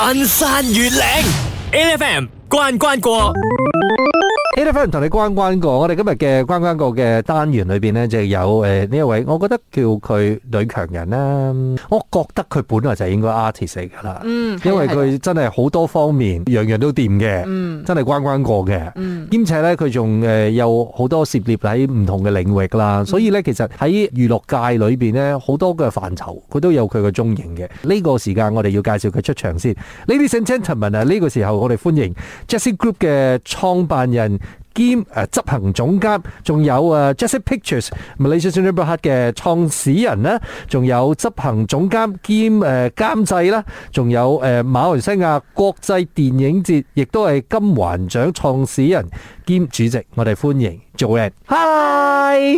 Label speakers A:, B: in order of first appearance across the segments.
A: 翻山越嶺，8FM 關關過。
B: 大家歡迎同你關關過。我哋今日嘅關關過嘅單元裏邊呢，就是、有誒呢、呃、一位，我覺得他叫佢女強人啦。我覺得佢本來就應該 artist 嘅啦。嗯，因為佢真係好多方面的樣樣都掂嘅。嗯、真係關關過嘅。兼、嗯、且呢，佢仲誒有好多涉獵喺唔同嘅領域啦。所以呢，其實喺娛樂界裏邊呢，好多嘅範疇，佢都有佢嘅蹤影嘅。呢、這個時間我哋要介紹佢出場先，Ladies and Gentlemen 啊！呢個時候我哋歡迎 Jesse Group 嘅創辦人。兼誒執行總監，仲有誒 Jessie Pictures Malaysia Network 嘅創始人咧，仲有執行總監兼誒監製啦，仲有誒馬來西亞國際電影節，亦都係金環獎創始人，兼主席，我哋歡迎做 o e d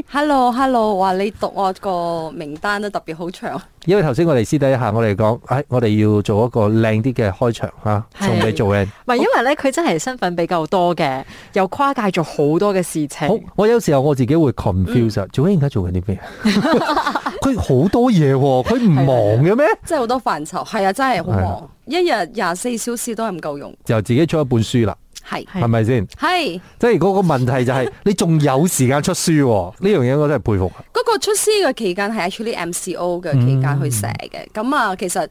C: Hi，Hello，Hello。話你讀我個名單都特別好長，
B: 因為頭先我哋私底下我哋講，誒，我哋要做一個靚啲嘅開場吓，仲係 j e y
A: 唔係，因為咧，佢真係身份比較多嘅，又跨界做好多嘅事情。我、
B: 喔、有時候我自己會 confuse、嗯、做 j 而家做緊啲咩？佢 好多嘢，佢唔忙嘅咩？ 即
A: 係好多範疇，係啊，真係好忙，
C: 的一日廿四小時都係唔夠用。
B: 就自己出一本書啦。係係咪先？係即係嗰個問題就係你仲有時間出書呢樣嘢， 我真係佩服。
C: 嗰個出書嘅期間係 actually M C O 嘅期間去寫嘅。咁啊，其實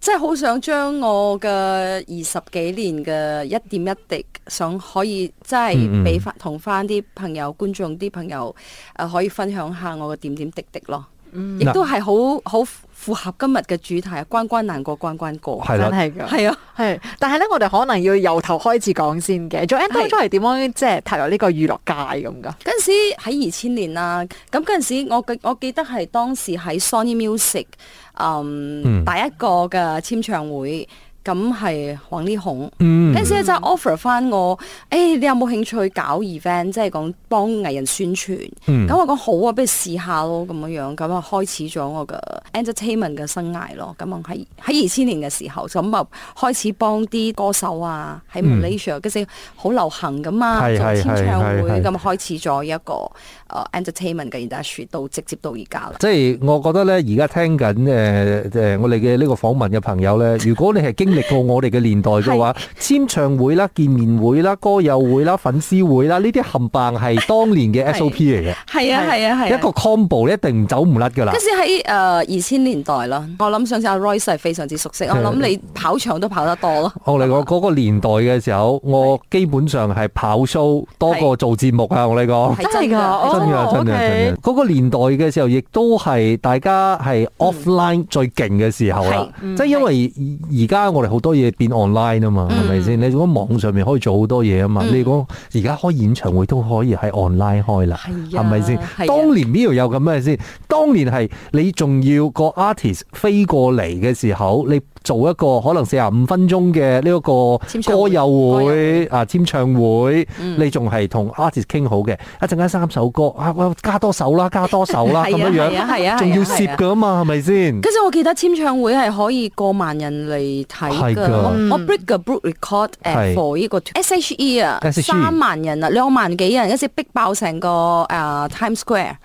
C: 真係好想將我嘅二十幾年嘅一點一滴，想可以即係俾翻、同翻啲朋友、觀眾、啲朋友誒，可以分享下我嘅點點滴滴咯。
A: 嗯、亦都係好好符合今日嘅主題， 關關難過關關過，的真係㗎。係啊，係。但係咧，我哋可能要由頭開始講先嘅。做 Joanne 當初係點樣即係踏入呢個娛樂界咁噶？嗰陣
C: 時喺二千年啦，咁嗰陣時我記我記得係當時喺 Sony Music、呃、嗯，第一個嘅簽唱會。咁係揾呢行，嗰陣時咧就 offer 翻我，誒、哎、你有冇興趣搞 event，即係講幫藝人宣傳。咁、嗯、我講好啊，不如試下咯咁樣樣，咁啊開始咗我嘅 entertainment 嘅生涯咯。咁啊喺喺二千年嘅時候，咁啊開始幫啲歌手啊喺 Malaysia 嗰陣時好流行噶啊，做簽唱會咁開始咗一個誒 entertainment 嘅 industry 到直接到而家。啦，
B: 即係我覺得咧，而家聽緊誒誒我哋嘅呢個訪問嘅朋友咧，如果你係經。 嚟到我哋嘅年代嘅話，簽唱會啦、見面會啦、歌友會啦、粉絲會啦，呢啲冚棒係當年嘅 SOP 嚟嘅。係啊係啊係啊！一個 combo 一定走唔甩噶啦。即使喺
C: 誒二千年代啦，我諗上次阿 Royce 係非常之熟悉，我諗你跑場都跑得多咯。
B: 我嚟講嗰個年代嘅時候，我基本上係跑 show 多過做節目啊！我嚟講，
A: 真係噶，真㗎真㗎真㗎！
B: 嗰個年代嘅時候，亦都係大家係 offline 最勁嘅時候啦。即係因為而家我好多嘢變 online 啊嘛，係咪先？你如果網上面可以做好多嘢啊嘛，嗯、你講而家開演唱會都可以喺 online 開啦，係咪先？當年呢度有咁咩先？吧當年係你仲要個 artist 飛過嚟嘅時候，你。做一個可能四十五分鐘嘅呢一個歌友會啊，簽唱會，你仲係同 artist 傾好嘅。一陣間三首歌，啊加多首啦，加多首啦咁樣樣。係啊，仲要攝㗎嘛，係咪先？跟
C: 住我記得簽唱會係可以過萬人嚟睇㗎。我 break 個 break record for 呢個 SHE 啊，三萬人啊，兩萬幾人，一時逼爆成個誒 Times Square。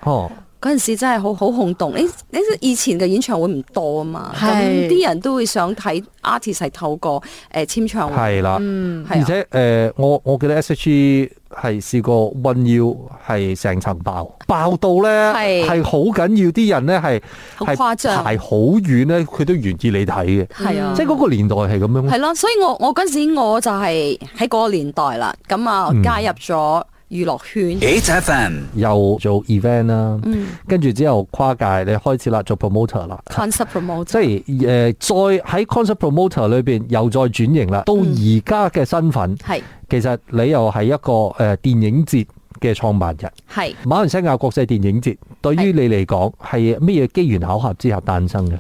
C: 嗰陣時真係好好轟動，你、欸、你以前嘅演唱會唔多啊嘛，咁啲係人都會想睇 artist 係透過誒、欸、簽唱會，係啦，嗯，啊、而且
B: 誒、呃、我我記得 S H E 係試過 One U 係成層爆爆到咧係好緊要，啲人咧係好誇張、係排好遠咧，佢都願意你睇嘅，係啊，即係嗰個年代係咁樣。係咯、
C: 啊，所以我我嗰陣時我就係喺嗰個年代啦，咁啊、嗯、加入咗，嗯娛樂圈，8FM
B: 又做 event 啦，跟住之後跨界，你開始啦做 promoter 啦
C: ，concert promoter，嗯、即
B: 係誒、呃、再喺 concert promoter 裏邊又再轉型啦，到而家嘅身份係、嗯、其實你又係一個誒電影節嘅創辦人，係是馬來西亞國際電影節，對於你嚟講係咩嘢機緣巧合之下誕生嘅？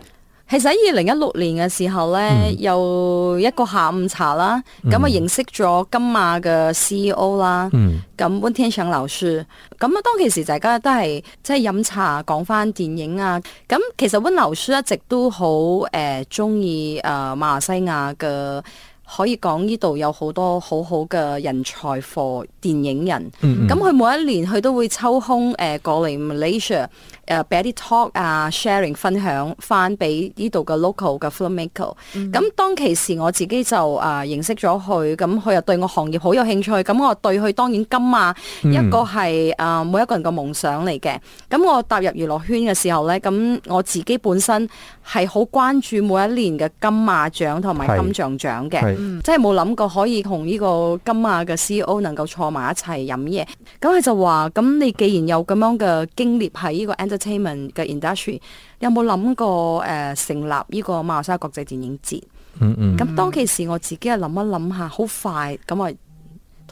C: 係喺二零一六年嘅時候咧，又、嗯、一個下午茶啦，咁啊、嗯、認識咗金馬嘅 CEO 啦，咁、嗯、温天祥老師，咁啊當其時大家都係即係飲茶講翻電影啊，咁其實温老師一直都好誒中意誒馬來西亞嘅，可以講呢度有好多好好嘅人才、貨、電影人，咁佢、嗯嗯、每一年佢都會抽空誒、呃、過嚟誒俾啲 talk 啊 sharing 分享翻俾呢度嘅 local 嘅 film maker，咁當其時我自己就誒、啊、認識咗佢，咁佢又對我行業好有興趣，咁我對佢當然金馬一個係誒、mm hmm. 啊、每一個人嘅夢想嚟嘅。咁我踏入娛樂圈嘅時候咧，咁我自己本身係好關注每一年嘅金馬獎同埋金像獎嘅，嗯、即係冇諗過可以同呢個金馬嘅 CEO 能夠坐埋一齊飲嘢。咁佢就話，咁你既然有咁樣嘅經歷喺呢個。黐文嘅 industry 有冇諗過誒成立呢個馬來西亞國際電影節？嗯
A: 嗯，咁當
C: 其時我自己係諗一諗下，好快咁啊！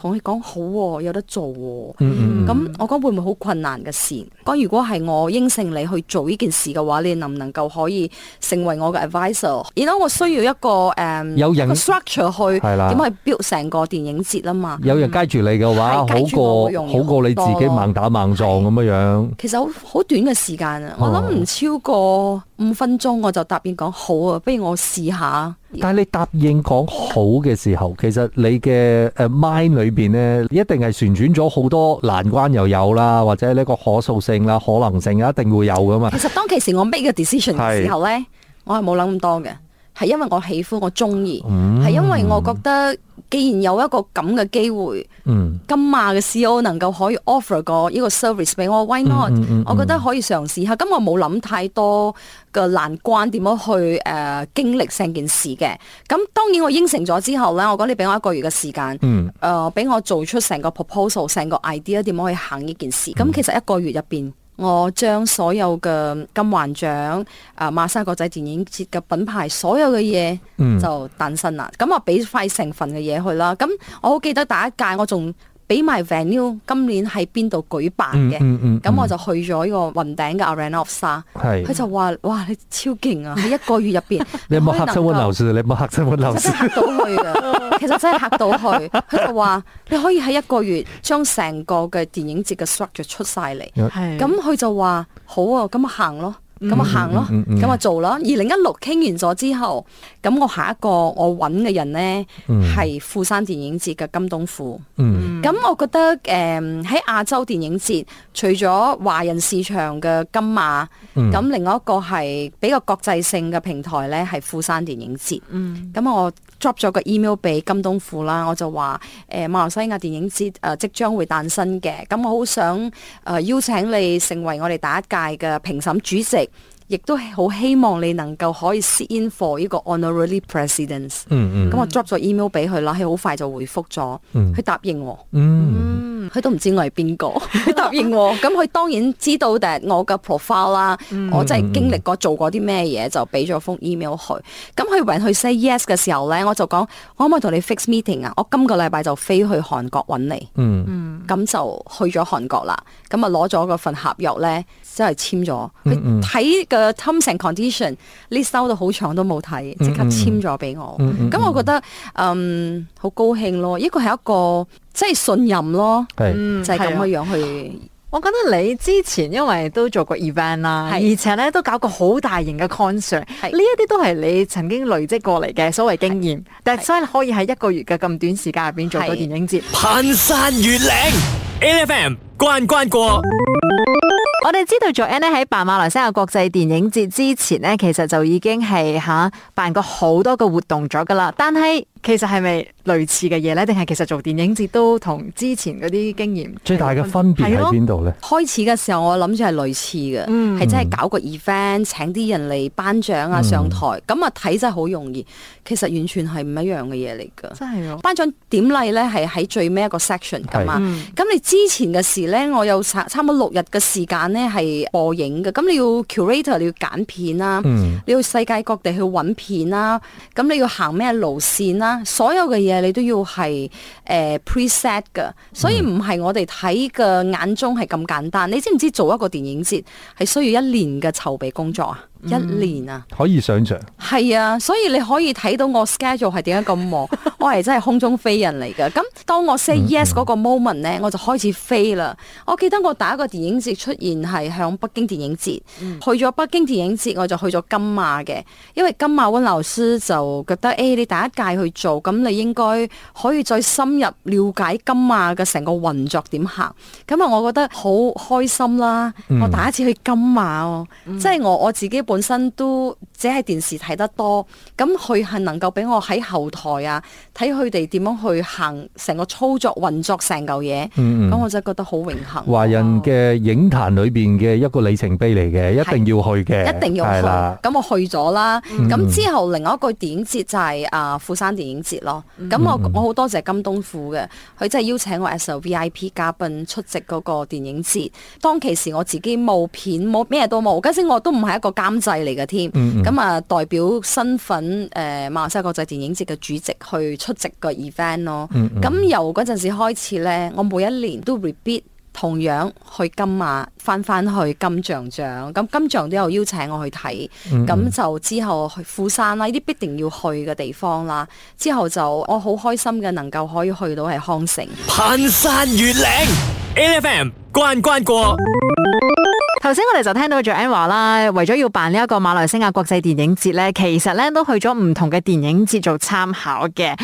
C: 同你講好喎、啊，有得做喎、啊。咁、嗯嗯嗯、我講會唔會好困難嘅事？講如果係我應承你去做呢件事嘅話，你能唔能夠可以成為我嘅 advisor？然後 you know, 我需要一個誒，um, 有人 structure
B: 去點去
C: build 成個電影節啊嘛。啦嗯、
B: 有人接住你嘅話，是好過好過你自己猛打猛撞咁是樣。
C: 其實好好短嘅時間啊，嗯、我諗唔超過五分鐘，我就答應講好啊。不如我試下。
B: 但係你答應講好嘅時候，其實你嘅誒 mind 裏邊咧，一定係旋轉咗好多難關又有啦，或者呢個可塑性啦，可能性啊，一定會有噶嘛。其實當
C: 其時我 make 個 decision 嘅時候咧，是我係冇諗咁多嘅，係因為我喜歡，我中意，係、嗯、因為我覺得。既然有一個咁嘅機會，金馬嘅 CEO 能夠可以 offer 個呢個 service 俾我，why not？、嗯嗯嗯、我覺得可以嘗試下。咁、嗯嗯、我冇諗太多嘅難關點樣去誒、呃、經歷成件事嘅。咁當然我應承咗之後咧，我講你俾我一個月嘅時間，誒俾、嗯呃、我做出成個 proposal、成個 idea 點樣去行呢件事。咁其實一個月入邊。嗯嗯我將所有嘅金環獎、啊馬來西亞國際電影節嘅品牌，所有嘅嘢就誕生啦。咁我俾塊成份嘅嘢去啦。咁我好記得第一屆我，我仲俾埋 venue 今年喺邊度舉辦嘅？咁、嗯嗯嗯、我就去咗呢個雲頂嘅 Arena of Stars，f 佢就話：哇，你超勁啊！喺 一個月入邊，你有冇嚇親我
B: 流竇？你冇嚇親我流竇。嚇到去啊！其實真係嚇到去。
C: 佢就話：你可以喺一個月將成個嘅電影節嘅 structure 出晒嚟。咁佢就話：好啊，咁啊行咯。咁啊、嗯、行咯，咁啊、嗯嗯嗯、做咯。二零一六傾完咗之後，咁我下一個我揾嘅人咧，係、嗯、富山電影節嘅金東富。咁、嗯、我覺得誒喺、嗯、亞洲電影節，除咗華人市場嘅金馬，咁、嗯、另外一個係比較國際性嘅平台咧，係富山電影節。咁、嗯、我 drop 咗個 email 俾金東富啦，我就話誒、呃、馬來西亞電影節誒、呃、即將會誕生嘅，咁我好想誒、呃、邀請你成為我哋第一屆嘅評審主席。亦都好希望你能夠可以 sit in for 呢個 honorary presidents。嗯、咁我 drop 咗 email 俾佢啦，佢好快就回覆咗，佢答應
B: 喎。
C: 佢都唔知我係邊個，佢答應喎。咁佢當然知道我嘅 profile 啦，我真係經歷過做過啲咩嘢，就俾咗封 email 佢。咁佢揾佢 say yes 嘅時候呢，我就講：可唔可以同你 fix meeting 啊？我今個禮拜就飛去韓國揾你。咁就去咗韓國啦，咁啊攞咗嗰份合約咧，即係簽咗。佢睇個 terms and condition，你收到好長都冇睇，即刻簽咗俾我。咁、嗯嗯嗯嗯、我
A: 覺得嗯好高興咯，一個係一個即係信任咯，嗯、就係咁嘅樣，樣去。的我覺得你之前因為都做過 event 啦，是而且咧都搞過好大型嘅 concert，呢一啲都係你曾經累積過嚟嘅所謂經驗。是但係真可以喺一個月嘅咁短時間入邊做到電影節。《攀山越嶺》8FM 關關過。我哋知道 Joanne 呢喺辦馬來西亞國際電影節之前咧，其實就已經係嚇、啊、辦過好多個活動咗㗎啦，但係。其實係咪類似嘅嘢咧？定係其實做電影節都同之前啲經驗
B: 最大嘅分別喺邊度咧？
A: 開始嘅時候我諗住係類似嘅，係真係搞個
C: event，請啲人嚟頒獎啊上台，咁啊睇真係好容易。其實完全係唔一樣嘅嘢嚟噶。真係咯、哦！頒獎典禮咧係喺最尾一個 section 噶嘛。咁、嗯、你之前嘅事咧，我有差差唔多六日嘅時間咧係播映嘅。咁你要 curator，你要揀片啊，嗯、你要世界各地去揾片啊，咁你要行咩路線啊？所有嘅嘢你都要係誒、呃、preset 噶，所以唔係我哋睇嘅眼中係咁簡單。你知唔知做一個電影節係需要一年嘅籌備工作啊？嗯、一年啊，
B: 可以想象。
C: 係啊，所以你可以睇到我 schedule 係點解咁忙， 我係真係空中飛人嚟嘅。咁當我 say yes 嗰、嗯、個 moment 咧，我就開始飛啦。我記得我第一個電影節出現係響北京電影節，嗯、去咗北京電影節，我就去咗金馬嘅，因為金馬溫老師就覺得誒、哎，你第一屆去。做咁，你應該可以再深入了解金馬嘅成個運作點行。咁啊，我覺得好開心啦！嗯、我第一次去金馬哦，嗯、即係我我自己本身都只係電視睇得多，咁佢係能夠俾我喺後台啊睇佢哋點樣去行成個操作運作成舊嘢。咁、嗯、我真係覺得好榮幸。華
B: 人嘅影壇裏邊嘅一個里程碑嚟嘅，哦、是一定要去嘅，一定要去。咁
C: 啦我去咗啦。咁、嗯嗯、之後另外一個電影節就係、是、啊釜山電影影節咯，咁、嗯嗯、我我好多謝金東富嘅，佢真係邀請我做 V I P 嘉賓出席嗰個電影節。當其時我自己冇片冇咩都冇，家先我都唔係一個監製嚟嘅添，咁啊、嗯嗯呃、代表身份誒、呃、馬來西亞國際電影節嘅主席去出席個 event 咯。咁、嗯嗯、由嗰陣時開始咧，我每一年都 repeat。同樣去金馬返返去金像獎，咁金像都有邀請我去睇，咁就、嗯嗯、之後去釜山啦，呢啲必定要去嘅地方啦。之後就我好開心嘅，能夠可以去到係康城，
A: 攀山越嶺。8FM 關關過。頭先我哋就聽到 Joanne 啦，為咗要辦呢一個馬來西亞國際電影節咧，其實咧都去咗唔同嘅電影節做參考嘅。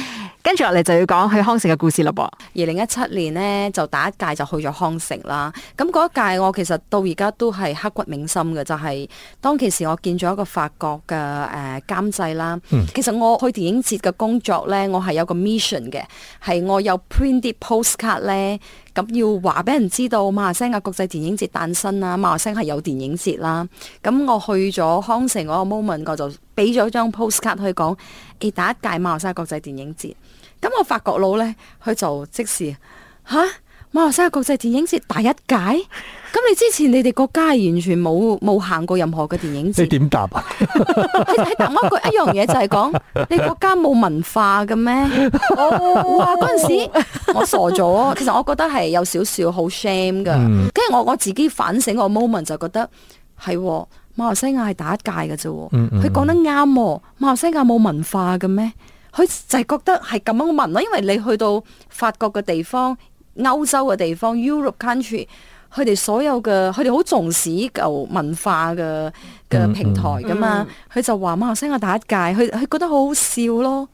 A: 跟住落嚟就要講去康城嘅故事啦。噃，
C: 二零一七年呢,就第一屆就去咗康城啦。咁嗰一屆我其實到而家都係刻骨銘心嘅，就係、是、當其時我見咗一個法國嘅誒監製啦。嗯、其實我去電影節嘅工作呢，我係有個 mission 嘅，係我有 print 啲 postcard 呢。咁要話俾人知道馬來西亞國際電影節誕生啦，馬來西亞係有電影節啦。咁我去咗康城嗰個 moment，我就俾咗張 postcard 去講，誒、哎，第一屆馬來西亞國際電影節。咁我發覺佬咧佢就即時吓、啊，馬來西亞國際電影節第一屆，咁你之前你哋國家完全冇冇行過任何嘅電
B: 影節？你點答啊？
C: 喺 答一句一樣嘢就係講你國家冇文化嘅咩？ 哇！嗰陣時我傻咗，其實我覺得係有少少好 shame 噶。跟住我我自己反省個 moment 就覺得係馬來西亞係第一屆嘅啫。嗯，佢講得啱，馬來西亞冇、嗯嗯、文化嘅咩？佢就係覺得係咁樣問咯，因為你去到法國嘅地方、歐洲嘅地方、Europe country，佢哋所有嘅佢哋好重視舊文化嘅嘅平台噶嘛，佢、mm hmm. 就話：馬來西亞第一屆，佢佢覺得好好笑咯。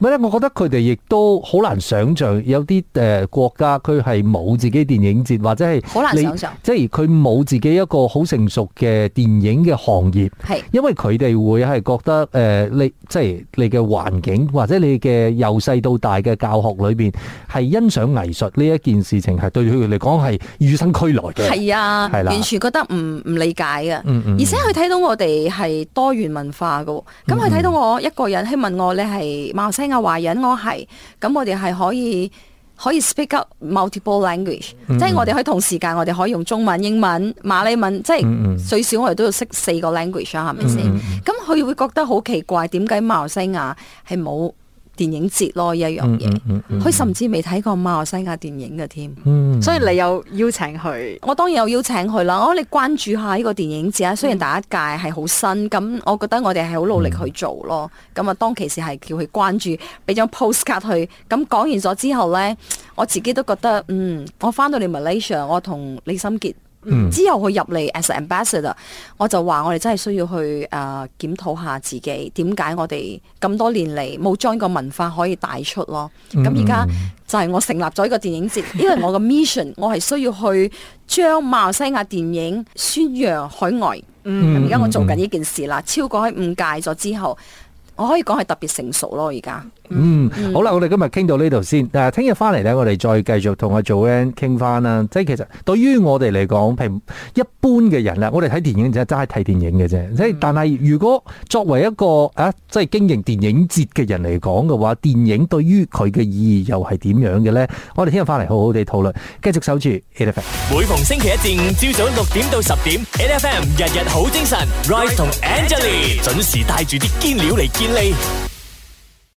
B: 唔係咧，我覺得佢哋亦都好難想象有啲誒國家，佢係冇自己電影節或者係好難想象，即係佢冇自己一個好成熟嘅電影嘅行業，係是因為佢哋會係覺得誒、呃、你即係你嘅環境或者你嘅由細到大嘅教學裏邊係欣賞藝術呢一件事情係對佢哋嚟講係與生俱來嘅。係
C: 啊，係啦，完全覺得唔唔理解嘅。嗯嗯，而且佢睇到我哋係多元文化嘅，咁佢睇到我一個人喺問我「你係。」西亞華人，我係咁，我哋係可以可以 speak up multiple language、嗯、即係我哋可以同時間，我哋可以用中文、英文、馬來文，即係、嗯、最少我哋都要識四個 language，係咪先、嗯？咁佢、嗯、會覺得好奇怪，點解馬來西亞係冇電影節咯，一樣
A: 嘢，佢、嗯嗯嗯、甚
C: 至未睇過馬來西亞電影嘅添，嗯、所以你又邀請佢，我當然有邀請佢啦。我、哦、你關注下呢個電影節啊，雖然第一屆係好新，咁我覺得我哋係好努力去做咯。咁啊，當其時係叫佢關注，俾張 postcard 佢。咁講完咗之後呢，我自己都覺得，嗯，我翻到嚟 Malaysia，我同李心潔。嗯、之後佢入嚟 as ambassador，我就話我哋真係需要去誒檢討下自己，點解我哋咁多年嚟冇將個文化可以帶出咯？咁而家就係我成立咗呢個電影節，因為我個 mission， 我係需要去將馬來西亞電影宣揚海外。而、嗯、家、嗯、我在做緊呢件事啦，嗯、超過喺五屆咗之後，我可以講係特別成熟咯，而家。
B: 嗯，好啦，我哋今日傾到呢度先。誒，聽日翻嚟咧，我哋再繼續同阿 Joanne 傾翻啦。即係其實對於我哋嚟講，譬如一般嘅人啦，我哋睇電影就真係睇電影嘅啫。即係但係如果作為一個啊，即係經營電影節嘅人嚟講嘅話，電影對於佢嘅意義又係點樣嘅咧？我哋聽日翻嚟好好地討論，繼續守住。每逢星期一至五朝早六點到十點，8FM 日日好精神，Rise 同類 Angelie 準時帶住啲堅料嚟堅利。